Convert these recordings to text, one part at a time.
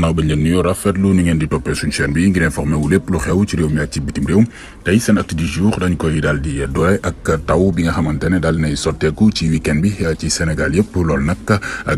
naaw bañ leen di toppee suñu chaîne bi ngir informé wu lépp lu xew ci réew mi ak ci bitim daal di doole ak bi nga xamante ne daal nay sotteeku ci week-end bi ci Sénégal yëpp loolu nag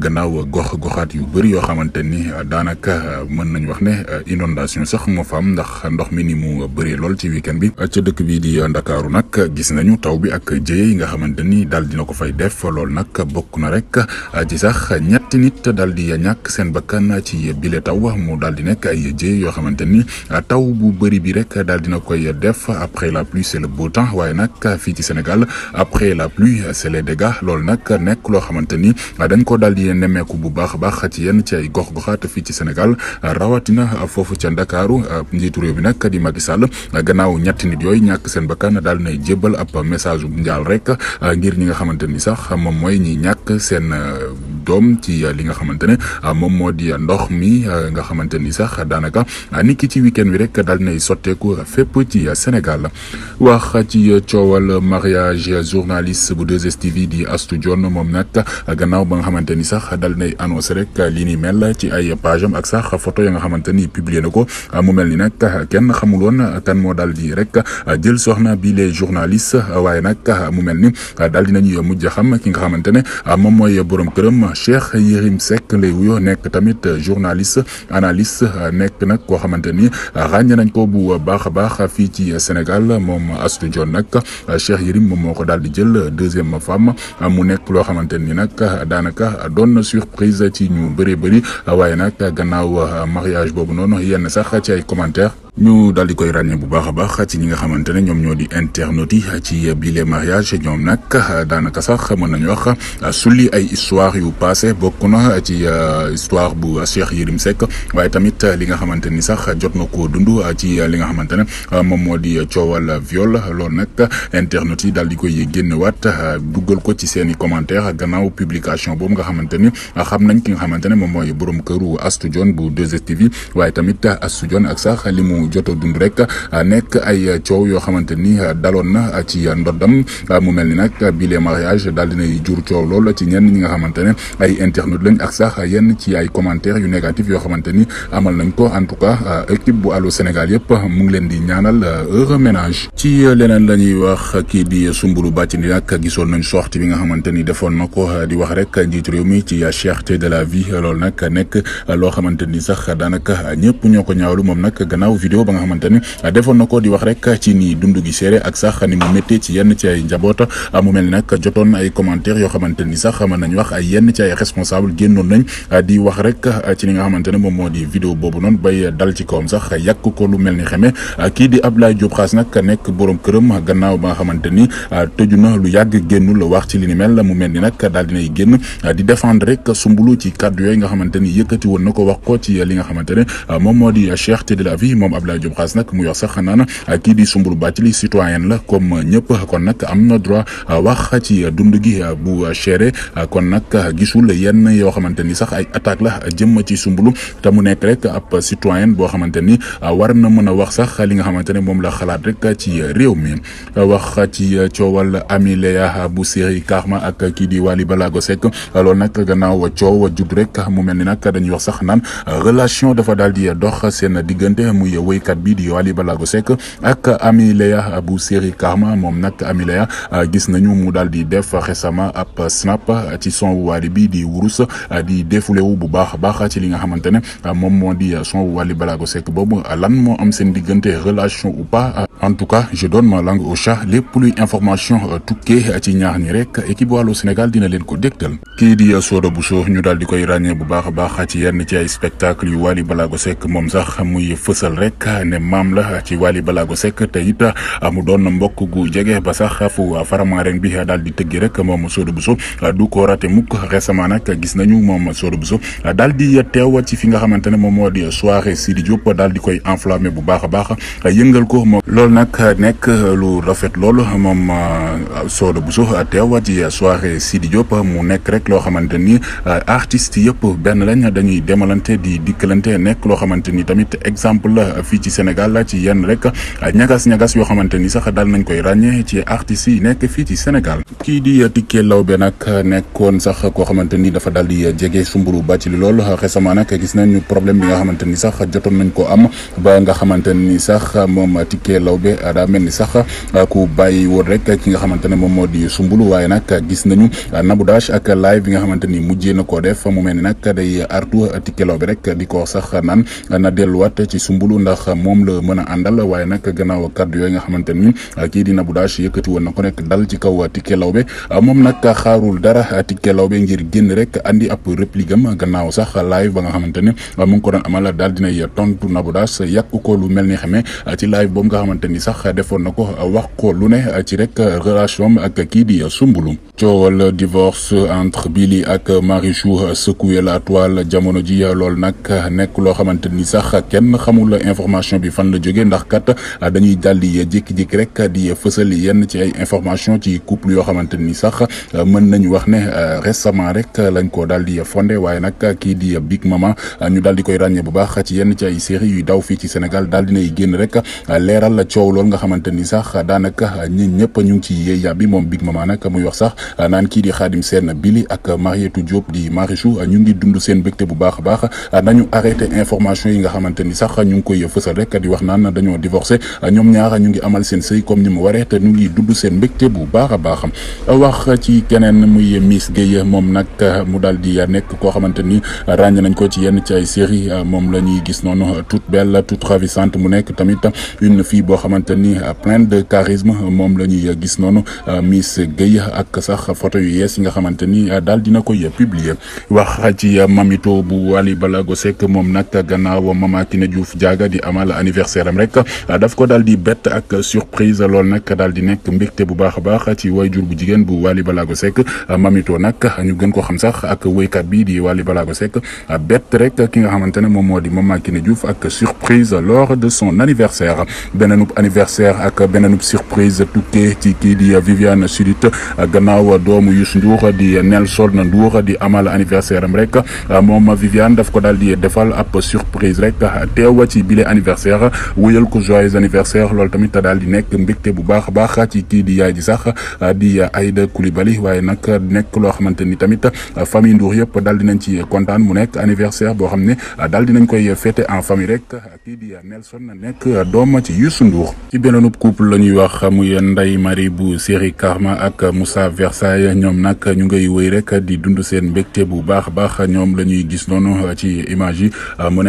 gannaaw gox goxaat yu bëri yoo xamante ni daanaka mën nañ wax ne inondation sax moo fa am ndax ndox mi ni mu bëree lool ci week-end bi ca dëkk bii di Ndakaaru nag gis nañu taw bi ak jëye yi nga xamante ni daal dina ko fay def lool nag bokk na rek ci sax ñetti nit daal di ñàkk seen bakkan ci bile taw mu daal di nekk ay jéey yoo xamante ni ah, taw bu bëri bi rek daal dina koy def après la pluie c'est le beau temps waaye nag ah, fii ci Sénégal après la pluie c'est les dégâts loolu nag nekk loo xamante ni ah, dañ ko daal di nemmeeku bu baax baax ci yenn ci ay gox-goxaat fii ci Sénégal rawatina foofu ca Ndakaaru njiitu réew bi nag di Macky a gannaaw ñetti nit yooyu ñàkk seen bakkan daal nay jébbal ab message bu njaal rek ngir ñi nga xamante ni sax moom mooy ñi ñàkk seen. doom ci euh, li nga xamante ne euh, moom moo di euh, ndox mi nga xamante ni sax daanaka ni ki ci week-end wi rek dal nay sotteeku fépp ci Sénégal wax ci coowal mariage journaliste bu 2STV di Astou Dione moom nag gannaaw ba nga xamante ni sax dal nay annoncé rek li ni mel ci ay page am ak sax photo ya nga xamante ni publié na ko mu mel ni nag kenn xamul woon kan moo dal di rek jël soxna bi les journalistes waaye nag mu mel ni daal dinañuy mujj xam ki nga xamante ne moom mooy borom këram Cher Yirim, Sek lay nek tamit journaliste analyste nek nak ko xamanteni ni nañ ko bu baax baax ci Sénégal mom Astu Dione nak Cheikh ko jël deuxième femme mu nek lo xamanteni ni surprise ci ñu bëree bëri waaye nak gannaaw mariage bobu non yenn sax ci ay ñu daal di koy ràññee bu baax a baax ci ñi nga xamante ne ñoom ñoo di internautes yi ci bile mariage ñoom nag daanaka sax mën nañu wax sulli ay histoire yu paase bokk na ci euh, histoire bu Cheikh Yérim sekk waaye tamit li nga xamante ni sax jot na koo dund ci li nga xamante ne euh, moom moo di coowal viol loolu nag internautes yi daal di koy génnewaat euh, duggal ko ci seen i commentaire gannaaw publication boobu nga xamante ni xam nañ ki nga xamante ne moom mooy borom këru Astou Dione bu 2 waaye tamit Astou Dione ak sax li mu jot a dund rek nekk ay coow yoo xamante daloon na ci ndoddam mu mel ni nag bile mariage daal dinay jur coow lool ci ñenn ñi nga xamante ay internautes lañ ak sax yenn ci ay commentaires yu négatif yoo xamante ni amal nañ ko en tout cas équipe bu Allô Sénégal yëpp mu ngi leen di ñaanal heureux ménage. ci leneen la ñuy wax kii di Soumboulou Bathily nag gisoon nañ sortie bi nga xamante ni defoon na ko di wax rek njiitu réew mi ci cherté de la vie loolu nag nekk loo xamante ni sax daanaka vidéo ba nga xamante ni ah, defoon na ko di wax rek ci ni dund gi seere ak sax ni mu méttee ci yenn ah, mu mel nag jotoon ay commentaires yoo xamante ni sax mën nañu wax ay yenn ci ay responsable génnoon nañ ah, di wax rek ci li nga xamante ne moom moo di vidéo boobu noonu bay dal ci kawam sax yàq ko lu mel ni xeme kii di Abdoulaye Diop Khass nag nekk borom këram gannaaw ba nga xamante ni tëju na lu yàgg génnul wax ci li ni mel mu mel ni nag daal génn di défendre rek sumbulu ci kàddu yooyu nga xamante ni yëkkati woon na ko wax ko ci li nga xamante ne moom moo di cherté de la vie moom Abdoulaye Diop Khass nag mu yor sax xanaa na kii di Soumboulou Bathily citoyen la comme ñëpp kon nag am na droit wax ci dund gi bu chéré kon nag gisul yenn yoo xamante ni sax ay attaque la jëm ci sumbulu te mu nekk rek ab citoyen boo xamante ni war na mën a wax sax li nga xamante ne moom la xalaat rek ci réew mi wax ci coowal Amy Léa bu série Karma ak kii di Wally Ballago Seck loolu nag gannaaw coow judd rek mu mel ni nag dañuy wax sax naan relation dafa daal di dox seen diggante muy kat bi di wali balago sek ak Amileya bu série Karma nak ami Amileya euh, gis nañu mu daal di def récemment ap snap euh, ci son wali bi di wurus euh, di défulé wu bu baax a baax ci li nga xamantene mom mo di son wali balago sek bobu lan mo am sen diggante relation ou pas en tout cas je donne ma langue au chat les plus information touké ci ñaar ni rek équipe wàllu Sénégal dina len ko dégtal kii di Soda Bousso ñu daal di koy ràññee bu baax baax ci yenn ci ay spectacle yu wali balago sek mom sax muy feussal rek rek ne maam la ci Wally Balago Seck te it mu doon mbokk gu jege ba sax fu Faramaren bi daal di tëggi rek moom Soodo Bousso du ko raté mukk récemment nag gis nañu moom Soodo Bousso daal di teew ci fi nga xamante ne moom moo di soirée Sidi Diop daal di koy enflammé bu baax a baax yëngal ko moom loolu nag nekk lu rafet loolu moom Soodo a teew ci soirée Sidi Diop mu nekk rek loo xamante ni artistes yëpp benn lañ dañuy demalante di dikkalante nekk loo xamante ni tamit exemple la fi ci Sénégal la ci yenn rek ñagas ñagas yoo xamante ni sax dal nañ koy ragné ci artiste yi nek fi ci Sénégal ki di Tické Laobé nak nekkon sax ko xamanteni dafa dal di jege sumburu ba ci lool récemment nak gis ñu problème bi nga xamanteni sax jotoon nañ ko am ba nga xamanteni sax mom Tické Laobé daa mel ni sax ku bayyi woon rek ki nga xamanteni mom modi sumburu di nak gis nañu Nabou ak live bi nga xamanteni mujjé mujjee na koo def mu melni nak day artu Tické Laobé rek di ko sax nan na wat ci sumburu ndax moom la mën a àndal waaye nag gannaaw kàddu yooyu nga xamante ni ah, kii di Nabou Dash yëkkati woon na ko nekk dal ci kaw Tické Laobé ah, moom nag xaarul dara Tické Laobé ngir génn rek andi ab réplique am gannaaw sax live ba nga xamante ni a ah, ngi ko doon amal tontu Nabou Dash ko lu mel ni a ci live boobu nga xamante ni a defoon na ko wax ko lu ne ci rek relation ak kii a Soumboulou coowal divorce entre Billy ak Marichou secoué la toile jamono ji loolu information bi fan la jóge ndax kat dañuy daal di jékki-jékki rek di feussal yenn ci ay information ci couple yo xamanteni sax meun nañ wax né euh, récemment rek lañ ko daal di fondé waaye nag kii di Big Mama ñu daal di koy ragné bu baax ci yenn ci ay série yu daw fi ci Sénégal daal dinay génn rek la ciow lol nga xamanteni ni sax danaka ñi ñëpp ñu ci yéey bi mom Big Mama nak muy wax sax naan ki di Khadim Sen Billy ak Marietou Diop di Marichou ñu ngi dund seen mbégte bu baax baax nañu arrêté information yi nga xamanteni sax ñu ngi koy fësal rek di wax naan dañoo divorcé ñoom ñaar ñu ngi amal seen sëy comme ni mu waree te ñu ngi dudd seen mbégte bu baax a baax wax ci keneen muy Miss Guèye moom nag mu dal di nekk koo xamante ni ràññe nañ ko ci yenn ci ay série moom la ñuy gis noonu tout belle toute ravissante mu nekk tamit une fille boo xamante ni pleine de charisme moom la ñuy gis noonu miis Guèye ak sax foto yu yees yi nga xamante ni daal dina koy publier wax ci mamito bu Wally Balago Seck moom nag gannaaw Mama Kine Diouf Diaga di amal anniversaire am rek ah, daf ko daal di ak surprise lol nak daldi nek nekk bu baax a baax ci wayjur bu jigen bu à Balago Seck ah, Mamito nak ñu gën ko xam sax ak woykat bi di wali Balago ah, rek ki nga xamantene ne modi moo di Mama Kiné Diouf ak surprise lors de son anniversaire benenup anniversaire ak benenup surprise tuké ci ki di Viviane à gannaaw doomu Youssou Ndour di Nelson Ndour di amal anniversaire am rek mom Viviane daf ko daal defal ap surprise rek teew ci bile anniversaire wuyal ko joyeux anniversaire lol tamit daal di nek mbégte bu baax a baax ci ki di yaay ji sax di Aïda koulibaly waye nak nek lo xamanteni tamit famille Ndour yep daal di nañ ci contane mu nek anniversaire bo xam ne daal di nañ koy fêter en famille rek ki di Nelson nek dom ci Youssou Ndour. ci beneen couple lañuy wax muy nday Marie bou série Karma ak Moussa Versailles ñom nak ñu ngay wëy rek di dund sen mbégte bu baax a baax ñom lañuy gis noonu ci image yi mu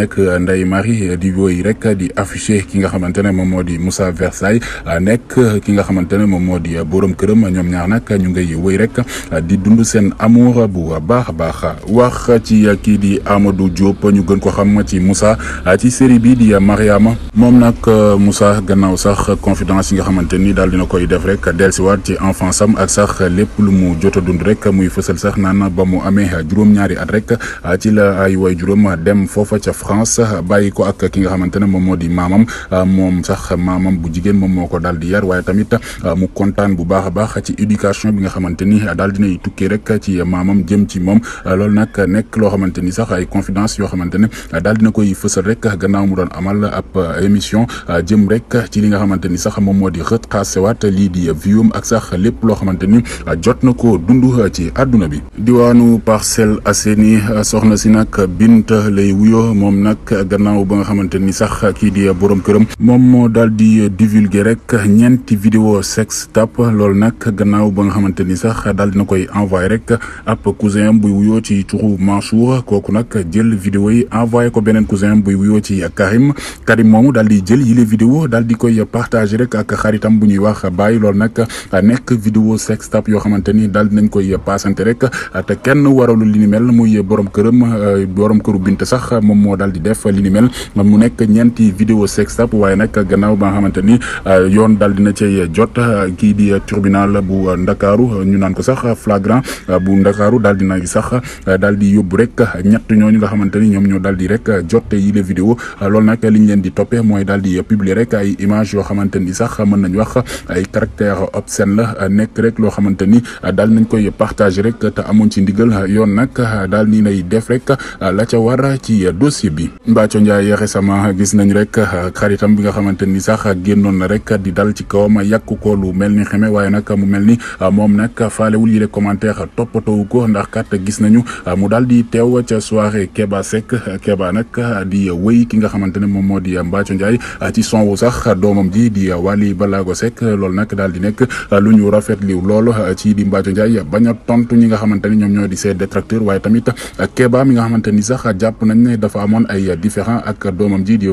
Marie di wëy rek di afficher ki nga xamantene Musa modi Moussa Versailles nek ki nga xamantene mom modi borom kërëm ñom ñaar nak ñu ngay wëy rek di dund sen amour bu baax baax wax ci ki di Amadou Diop ñu gën ko xam ci Moussa ci série bi di Mariama mom nak Moussa gannaaw sax confidence yi nga xamante ni daal dina koy def rek waat ci enfant sam ak sax lepp lu mu jotta dund rek muy fësal sax naan ba mu amé juroom ñaari at rek ci la ay way juroom dem fofa ci France bayiko ko ak ki nga ne moom moo di maamam euh, moom sax maamam bu jigéen moom moo ko daal di yar waaye tamit euh, mu kontaan bu baax a baax ci éducation bi nga xamante ni daal dinay tukkee rek ci maamam jëm ci moom euh, loolu nag nekk loo xamante ni sax ay confidence yoo xamante ne daal dina koy fësal rek gannaaw mu doon amal ab émission jëm rek ci li nga xamante ni sax moom moo di xët xaasewaat lii di vium ak sax lépp loo xamante ni jot na ko dund ci àdduna bi diwaanu Parcelles Assainies soxna si nag Bint lay wuyoo moom nag gannaaw ba nga xamante ni sax sax kii di boroom këram moom moo dal di divulguer rek ñeenti vidéo sex tap loolu nag gannaaw ba nga xamante ni sax di na koy envoyé rek ab cousin buy wuyoo ci turu Mansour kooku nag jël vidéo yi envoyé ko beneen cousin buy wuyoo ci Karim Karim moomu daal di jël yile vidéo daal di koy partagé rek ak xaritam bu ñuy wax bàyyi loolu nag nekk vidéo sex tap yoo xamante ni daal dinañ koy passante rek te kenn waralu li ni mel muy boroom këram borom këru bint sax moom moo daal di def ñeenti vidéo sextape waaye nag gannaaw ba nga xamante ni euh, yoon daal dina cay jot euh, kii di euh, tribunal bu ndakaaru ñu naan sax flagrant bu ndakaaru daal dina sax daal di yóbbu rek ñett ñooñu nga xamante ni ñoom ñoo daal di rek jot yile vidéo lool nag liñ leen di toppee mooy daal di publier rek ay image yoo xamante ni sax mën nañ wax ay caractère obscène la nekk rek loo xamante ni daal nañ koy partager rek te amoon ci ndigal yoon nag daal ni nay def rek la ca war ci dossier bi Mbathio Ndiaye récemment gis nañ rek ah, xaritam bi nga xamante ni sax génnoon na rek di dal ci kawam yàq ko lu mel ni xeme waaye nag mu mel ni ah, moom nag faalewul yi le commentaire toppatoowu ko ndax kat gis nañu ah, mu daal di teew ca soirée Keba Seck Keba nag di wéy ki nga xamante ne moom moo di Mbathio Ndiaye ci sonwu sax doomam ji di Wally Ballago Seck loolu nag daal di nekk lu ñu rafetlu lool ci di Mbathio Ndiaye bañ a tontu ñi nga xamante ne ñoom ñoo di ses détracteurs waaye tamit Keba mi nga xamante ni sax jàpp nañ ne dafa amoon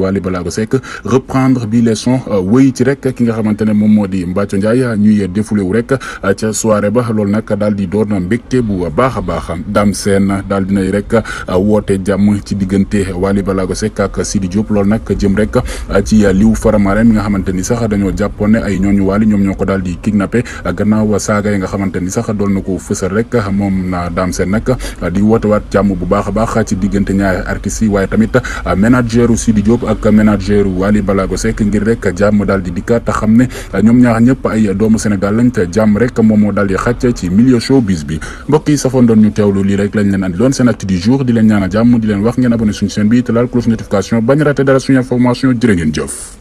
wali Ballago Seck reprendre bi leçon euh, wey ci rek ki nga xamantene mom modi moo di ñuy defulé wu rek euh, ci soirée ba lol nak dal di doona mbekté bu baaxa a dam sen dal daal dinay rek euh, woté jàmm ci digënté wali Ballago Seck ak Sidi Diop loolu nag jëm rek ci liw Faramaren mi nga xamanteni ni sax dañu japoné ne ay ñooñu wali ñoom ñoko dal di kidnapper gannaaw saaga yi nga xamanteni sax doon na fësal rek mom na Dame Sène nag di wat jamm bu baaxa a baax ci digënté ñaar artistes yi tamit manager Sidi Diop ak manager Wally Balago Seck ngir rek jàmm daal di dikkaat te xam ne ñoom ñaar ñëpp ay doomu Sénégal lañ te jàmm rek moom moo daal di xàcc ci milieu showbiz bi mbokk yi safoon doon ñu lii rek lañ leen loon seen acte du jour di leen ñaan jàmm di leen wax ngeen abonné suñu chaîne bi te laal cloche notification bañ raté dara suñu information jërë ngeen jëf